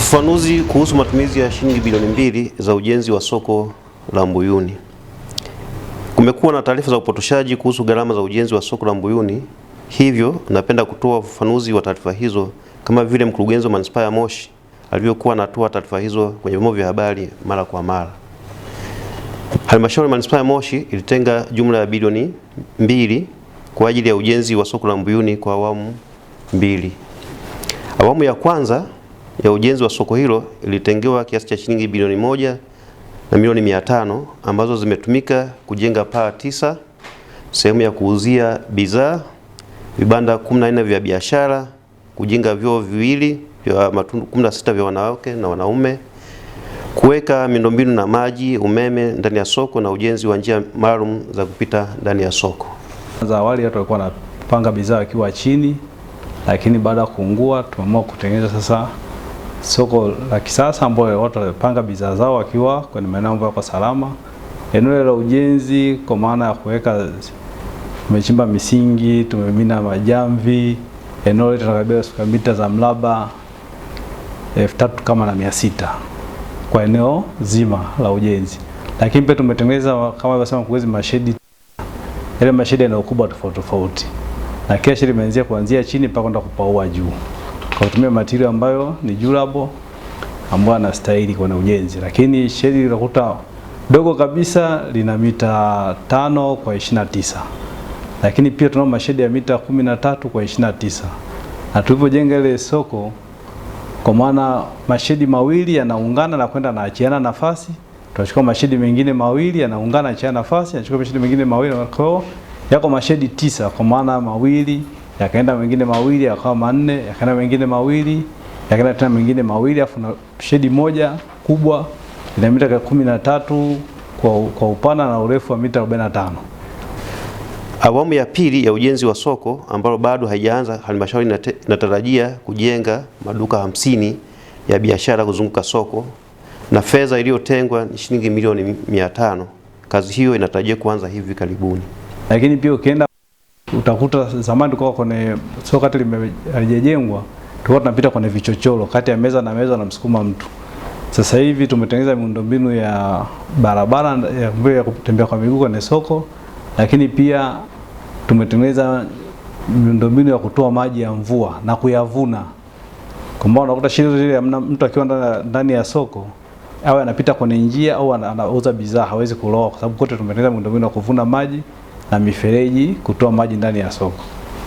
Ufafanuzi kuhusu matumizi ya shilingi bilioni mbili za ujenzi wa soko la Mbuyuni. Kumekuwa na taarifa za upotoshaji kuhusu gharama za ujenzi wa soko la Mbuyuni, hivyo napenda kutoa ufafanuzi wa taarifa hizo kama vile mkurugenzi wa manispaa ya Moshi alivyokuwa anatoa taarifa hizo kwenye vyombo vya habari mara kwa mara. Halmashauri ya manispaa ya Moshi ilitenga jumla ya bilioni mbili kwa ajili ya ujenzi wa soko la Mbuyuni kwa awamu mbili. Awamu ya kwanza ya ujenzi wa soko hilo ilitengewa kiasi cha shilingi bilioni moja na milioni mia tano ambazo zimetumika kujenga paa tisa, sehemu ya kuuzia bidhaa, vibanda 14 vya biashara, kujenga vyoo viwili vya matundu 16 vya wanawake na wanaume, kuweka miundombinu na maji, umeme ndani ya soko na ujenzi wa njia maalum za kupita ndani ya soko. Za awali watu walikuwa wanapanga bidhaa wakiwa chini, lakini baada ya kuungua tumeamua kutengeneza sasa soko la kisasa ambayo watu wamepanga bidhaa zao wakiwa kwenye maeneo ambayo kwa salama. Eneo la ujenzi kwa maana ya kuweka, tumechimba misingi, tumemina majamvi, eneo letu tunakaribia square mita za mraba elfu tatu kama na mia sita kwa eneo zima la ujenzi, lakini pia tumetengeneza kama ilivyosema kuwezi mashedi, ile mashedi yana ukubwa tofauti tofauti, na kila shedi imeanzia kuanzia chini mpaka kwenda kupaua juu kwa kutumia material ambayo ni durable ambayo anastahili kwenye ujenzi. Lakini sheli unakuta dogo kabisa lina mita tano kwa tisa lakini pia tunao mashedi ya mita tatu kwa 29, na tulipojenga ile soko, kwa maana mashedi mawili yanaungana na kwenda na achiana nafasi, tunachukua mashedi mengine mawili yanaungana achiana nafasi, tunachukua mashedi mengine mawili, kwa yako mashedi tisa, kwa maana mawili yakaenda mengine mawili yakawa manne, yakaenda mengine mawili, yakaenda tena mengine mawili, afu na shedi moja kubwa ina mita kumi na tatu kwa, kwa upana na urefu wa mita 45. Awamu ya pili ya ujenzi wa soko ambalo bado haijaanza, halmashauri inatarajia kujenga maduka hamsini ya biashara kuzunguka soko na fedha iliyotengwa ni shilingi milioni mia tano. Kazi hiyo inatarajiwa kuanza hivi karibuni, lakini pia ukienda Utakuta zamani tulikuwa kwenye soko kati halijajengwa, tulikuwa tunapita kwenye vichochoro kati ya meza na meza, na msukuma mtu. Sasa hivi tumetengeneza miundombinu ya barabara ya, ya kutembea kwa miguu kwenye soko, lakini pia tumetengeneza miundombinu ya kutoa maji ya mvua na kuyavuna. Kwa maana unakuta shida zile ya mtu akiwa ndani ya soko au anapita kwenye njia au anauza bidhaa hawezi kuloa, kwa sababu kote tumetengeneza miundombinu ya kuvuna maji na mifereji kutoa maji ndani ya soko.